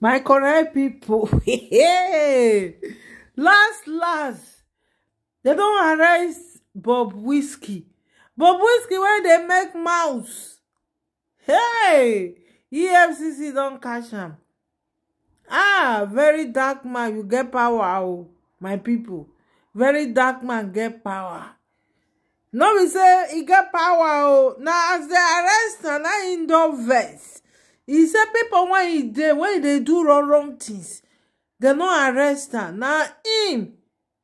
my correct people, hey last last they don't arrest bob whiskey bob whiskey wey they make mouse hey efcc don't catch him. ah very dark man you get power oh my people. very dark man get power no we say he get power Oh, now as they arrest am I in the vex He say pipo when e dey do wrong wrong tins dem no arrest am na him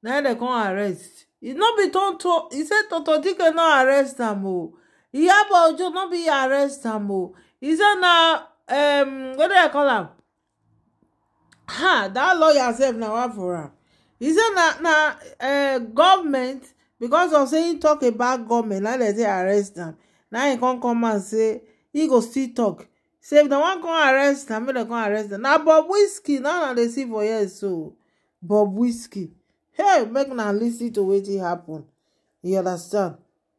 na dem come arrest e no be tonto e say 'Toto, dike no arrest am o iyabo ojo no be arrest am o e say na um what do i call am ha dat lawyer sef na one for am e say na na eh, government because of say he tok about government na dem say arrest am na him come come out say e go still talk." say if dem wan come arrest am make dem come arrest am na bob whiskey now na dey see for here so bob whiskey hey make una listen to wetin happen you understand.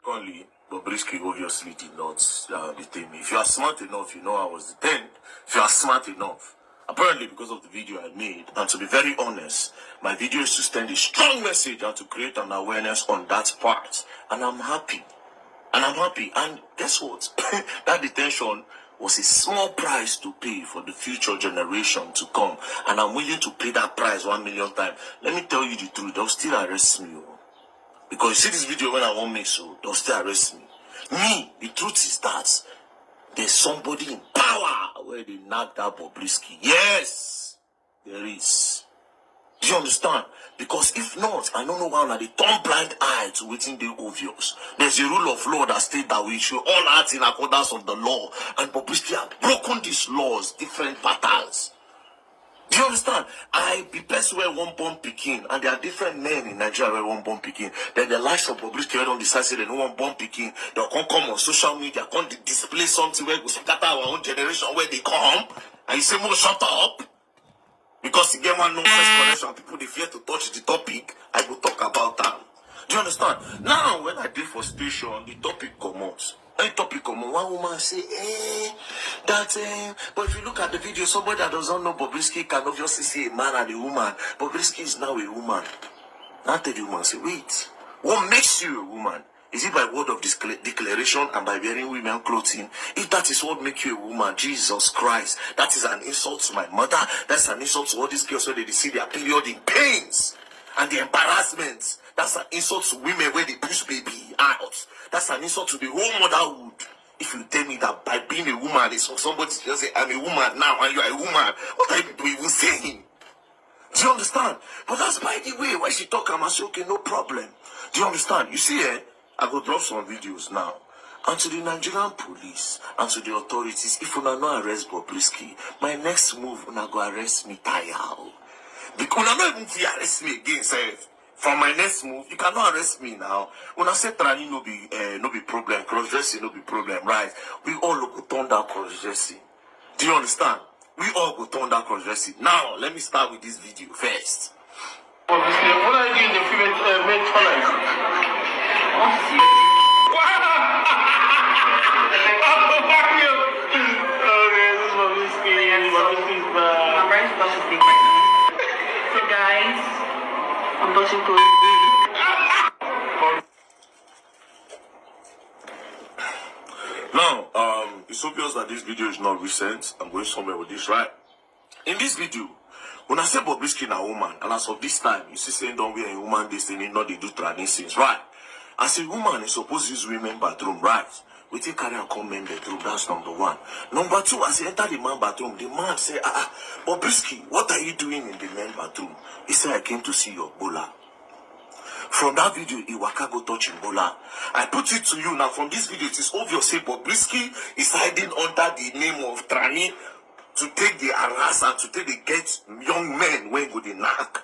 only Bob Whiskey obviously did not uh, detain me. If you are smart enough, you know I was detained. If you are smart enough, apparently because of the video I made, and to be very honest, my video is to send a strong message and to create an awareness on that part. And I'm happy. And I'm happy. And guess what? that detention was a small price to pay for the future generation to come. And I'm willing to pay that price one million times. Let me tell you the truth, they'll still arrest me. Oh. Because you see this video when I won't make so, they'll still arrest me. Me, the truth is that there's somebody in power where they knocked out Bobrisky. Yes, there is. You understand? Because if not, I don't know why like, they turn blind eye to within the obvious. There's a rule of law that states that we should all act in accordance of the law. And publicity have broken these laws, different patterns. Do you understand? I be best where one bomb picking, and there are different men in Nigeria where one bomb picking. Then the likes of publicity where don't decide say they no one bomb picking. They come come on social media, come display something where we scatter our own generation where they come. And you say, "Mo, shut up." Because you get one known first connection, people they fear to touch the topic, I will talk about that. Do you understand? Now, when I did for station, the topic comes. A topic comes. One woman say, "Hey, eh, that." Eh, but if you look at the video, somebody that doesn't know Bobrisky can obviously see a man and a woman. Bobrisky is now a woman. Not the woman say, "Wait, what makes you a woman?" Is it by word of declaration and by wearing women clothing? If that is what make you a woman, Jesus Christ, that is an insult to my mother. That's an insult to all these girls when they see their period in pains and the embarrassment. That's an insult to women where they push baby out. That's an insult to the whole motherhood. If you tell me that by being a woman, it's somebody just say, I'm a woman now and you are a woman, what are people even saying? Do you understand? But that's by the way, when she talk, I'm say, okay, no problem. Do you understand? You see, eh? I go drop some videos now. And to the Nigerian police and to the authorities, if una no arrest Bobrisky, my next move una go arrest me tire. Because una no even fit arrest me again, sef. For my next move, you cannot arrest me now. When I say tranny no be uh, no be problem, cross dressing no be problem, right? We all go turn down cross dressing. Do you understand? We all go turn down cross dressing. Now let me start with this video first. Well, what are you doing in the private uh, Now, um, it's obvious that this video is not recent. I'm going somewhere with this, right? In this video, when I say Bobrisky a woman, and as of this time, you see saying don't wear a woman this thing, not they do traditions, right? As a woman is supposed use women bathroom, right? We take carry and come men bathroom. That's number one. Number two, as he enter the man bathroom, the man say, ah, ah Bobrisky, what are you doing in the men bathroom? He said, I came to see your bola. From that video, Iwaka go touch Bola. I put it to you now. From this video, it is obvious say Bobrisky is hiding under the name of Trani to take the harass and to take the get young men when go the knock.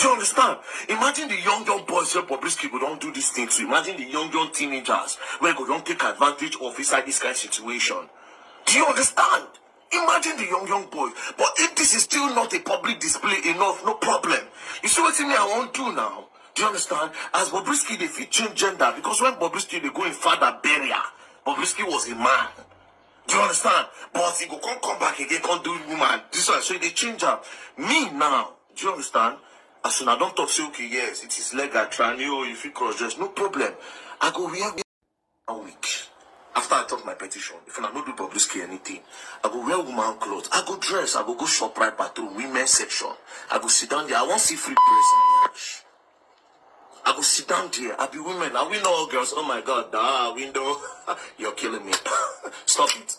Do you understand? Imagine the young young boys here, Bobrisky go don't do this thing to. Imagine the young young teenagers where go don't take advantage of inside this kind of situation. Do you understand? Imagine the young young boys. But if this is still not a public display enough, no problem. You see what I mean? I won't do now. Do you understand? As Bobrisky, they fit change gender because when Bobrisky they go in father barrier, Bobrisky was a man. Do you understand? But he go come come back again, can't do woman. This one, so they change up. Me now. Do you understand? as soon as I don't talk say okay yes it is legal tranio oh, you fit cross dress no problem I go wear a week after I talk my petition if i una not do Bobrisky anything I go wear woman clothes. I go dress I go go shop right to women section I go sit down there I won't see free press. and I go sit down there I be women I win all girls oh my god ah window you're killing me stop it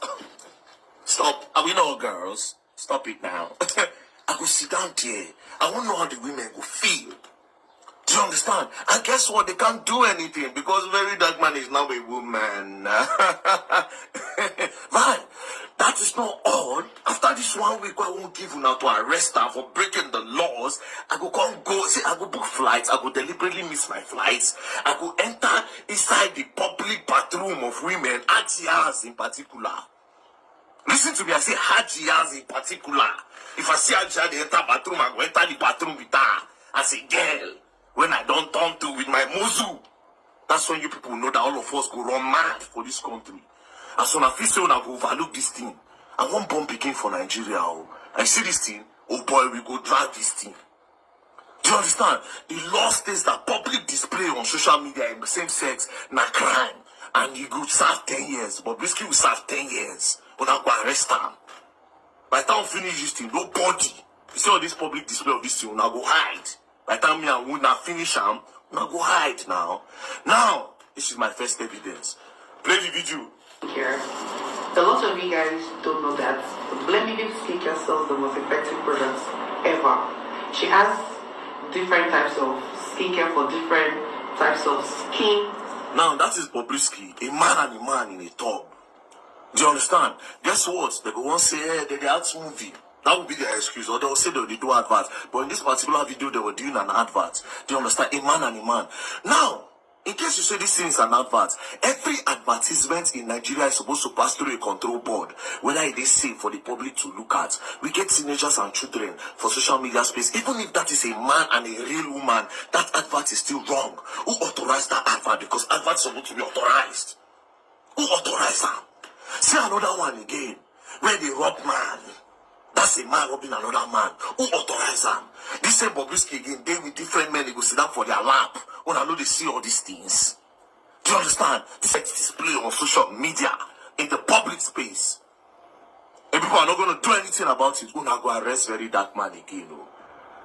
stop I win all girls stop it now I go sit down there I want to know how the women will feel. Do you understand? And guess what? They can't do anything because very dark man is now a woman. right. That is not all. After this one week, I won't give you now to arrest her for breaking the laws. I go come go. See, I go book flights. I go deliberately miss my flights. I go enter inside the public bathroom of women, at yours in particular. Listen to me, I say Haji Yaz in particular. If I see Haji Yaz enter bathroom, I go enter the bathroom with her. I say, girl, when I don't turn to with my muzu, that's when you people know that all of us go run mad for this country. As soon as I feel say una go overlook this thing. I wan born pikin for Nigeria o. Oh. I see this thing, oh boy, we go drag this thing. Do you understand? The law states that public display on social media in same sex na crime and e go serve ten years. But Bobrisky will serve ten years. But now go arrest them. By the time finish this thing, nobody. You see all this public display of this thing, now go hide. By the time me and Una finish them, now go hide now. Now, this is my first evidence. Play the video. Here. A lot of you guys don't know that Blended Skincare sells the most effective products ever. She has different types of skincare for different types of skin. Now, that is Bobrisky, a man and a man in a tub. Do you understand? Guess what? They go once say, hey, they, they had movie. That would be their excuse, or they'll say they, they do adverts. But in this particular video, they were doing an advert. Do you understand? A man and a man. Now, in case you say this thing is an advert, every advertisement in Nigeria is supposed to pass through a control board, whether it is safe for the public to look at. We get teenagers and children for social media space. Even if that is a man and a real woman, that advert is still wrong. Who authorized that advert? Because advert is supposed to be authorized. Who authorized that? See another one again. Where they rob man. That's a man robbing another man. Who authorized them? This same Bobrisky again, they with different men, they go sit down for their lap. When I know they see all these things. Do you understand? This is display on social media in the public space. And people are not going to do anything about it. We're not going to arrest very dark man again. No? Oh.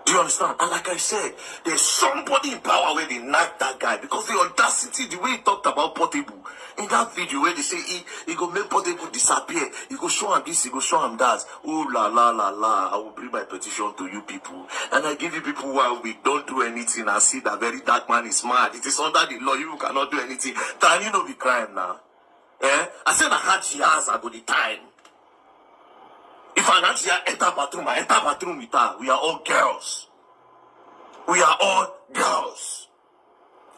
Do you understand? And like I said, there's somebody in power where they knocked that guy because the audacity, the way he talked about Portable, in that video where they say he, he go make people disappear he go show him this he go show him that oh la la la la i will bring my petition to you people and i give you people while we don't do anything I see that very dark man is mad it is under the law you cannot do anything tani you no know be crying now? eh i said I had years ago the time if an auntie enter bathroom i enter bathroom with her we are all girls we are all girls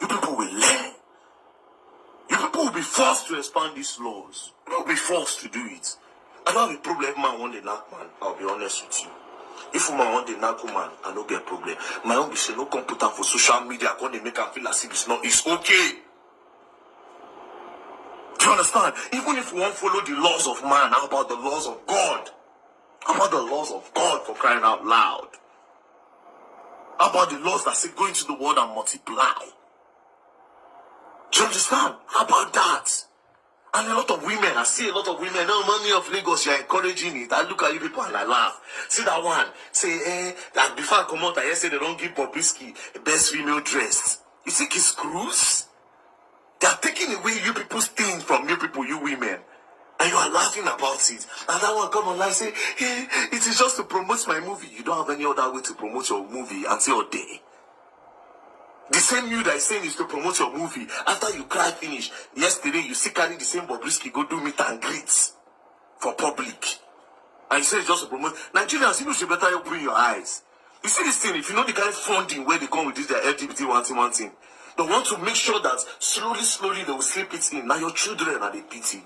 you people will learn. be forced to expand these laws. You'll be forced to do it. I don't have a problem if man want a knack man. I'll be honest with you. If my want a knack man, I don't get a problem. My own be say no computer for social media. I they make him feel as if it's not. It's okay. Do you understand? Even if we follow the laws of man, how about the laws of God? How about the laws of God for crying out loud? How about the laws that say go into the world and multiply? Do you understand? about that? And a lot of women, I see a lot of women. Now, money of Lagos, you're encouraging it. I look at you people and I laugh. See that one. Say, eh, that before I come out, I hear say they don't give Bobrisky best female dress. You think it's screws? They are taking away you people's things from you people, you women. And you are laughing about it. And that one come online say, hey, eh, it is just to promote my movie. You don't have any other way to promote your movie until your day. The same you that is saying is to promote your movie. After you cry finish, yesterday you see carry the same Bobrisky go do meet and greet for public. And you say it's just to promote. Nigerians, you should better open your eyes. You see this thing, if you know the kind of funding where they come with this, their LGBT one thing, one thing. They want to make sure that slowly, slowly they will slip it in. Now your children are the pity.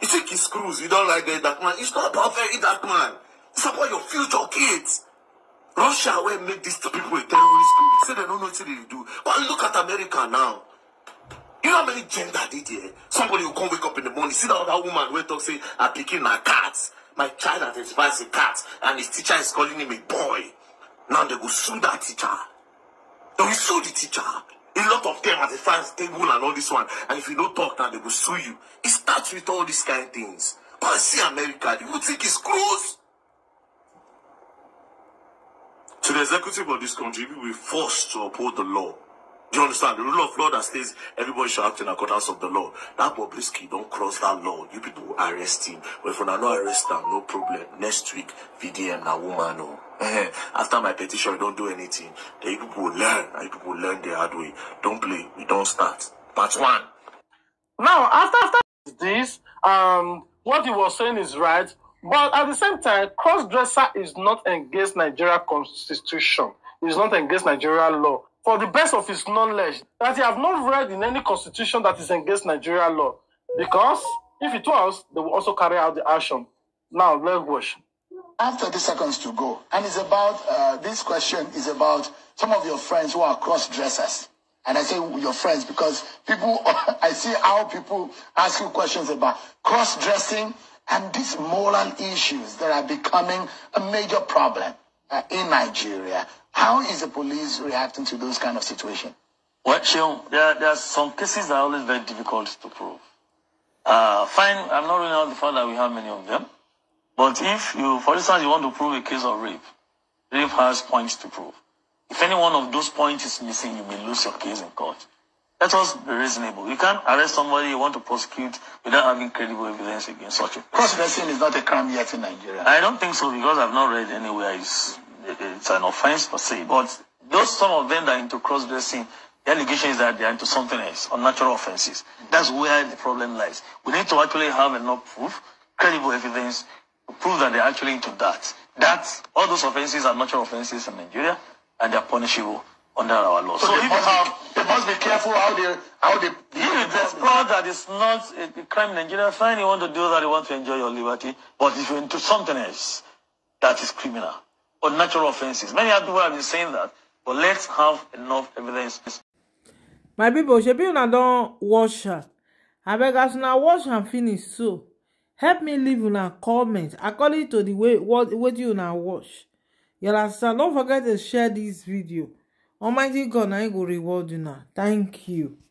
You think he screws, you don't like that, man. It's not about that man. It's about your future kids. Russia will make these people a terrorist group. So they don't know what they do. But look at America now. You know how many gender did here? Eh? Somebody will come wake up in the morning, see that other woman will up say, I'm picking my cat. My child identifies a cat, and his teacher is calling him a boy. Now they go sue that teacher. They will sue the teacher. A lot of them at the first table and all this one. And if you don't talk now, they will sue you. It starts with all these kind of things. But see America, you would think it's close. the executive of this country, we will forced to uphold the law. Do you understand? The rule of law that says everybody shall act in accordance of the law. That Bobrisky don't cross that law. You people arrest him. But if you not arrest him, no problem. Next week, VDM na woman no. Oh. After my petition, don't do anything. The people will learn. The people will learn the hard way. Don't play. We don't start. Part one. Now, after after this, um, what he was saying is right. But at the same time, cross-dresser is not against Nigeria constitution. It's not against Nigeria law. For the best of his knowledge, that he have not read in any constitution that is against Nigeria law. Because if it was, they will also carry out the action. Now, let's watch. I have 30 seconds to go. And it's about, uh, this question is about some of your friends who are cross-dressers. And I say your friends because people, I see how people ask you questions about cross-dressing and these moral issues that are becoming a major problem uh, in Nigeria. How is the police reacting to those kind of situations? Well, Shion, there, there, are some cases that are always very difficult to prove. Uh, fine, I'm not ruling out the fact that we have many of them. But if you, for instance, you want to prove a case of rape, rape has points to prove. If any one of those points is missing, you may lose your case in court. Let us be reasonable. You can't arrest somebody you want to prosecute without having credible evidence against such a person. Cross-dressing is not a crime yet in Nigeria. I don't think so because I've not read anywhere it's, it's an offense per se. But those some of them that are into cross-dressing, the allegation is that they are into something else, unnatural offenses. That's where the problem lies. We need to actually have enough proof, credible evidence, to prove that they're actually into that. That all those offenses are natural offenses in Nigeria and they're punishable. under our law. So, so they, must have, they must be careful how they how they. they if it's explored that it's not a crime in Nigeria, fine. You want to do that, you want to enjoy your liberty. But if you're into something else, that is criminal or natural offences. Many people have been saying that, but let's have enough evidence. My people, shebi una don't watch am. Abeg as now watch and finish so, help me leave una comment according to the way what you now watch. You understand? Don't forget to share this video almighty god na him go reward una thank you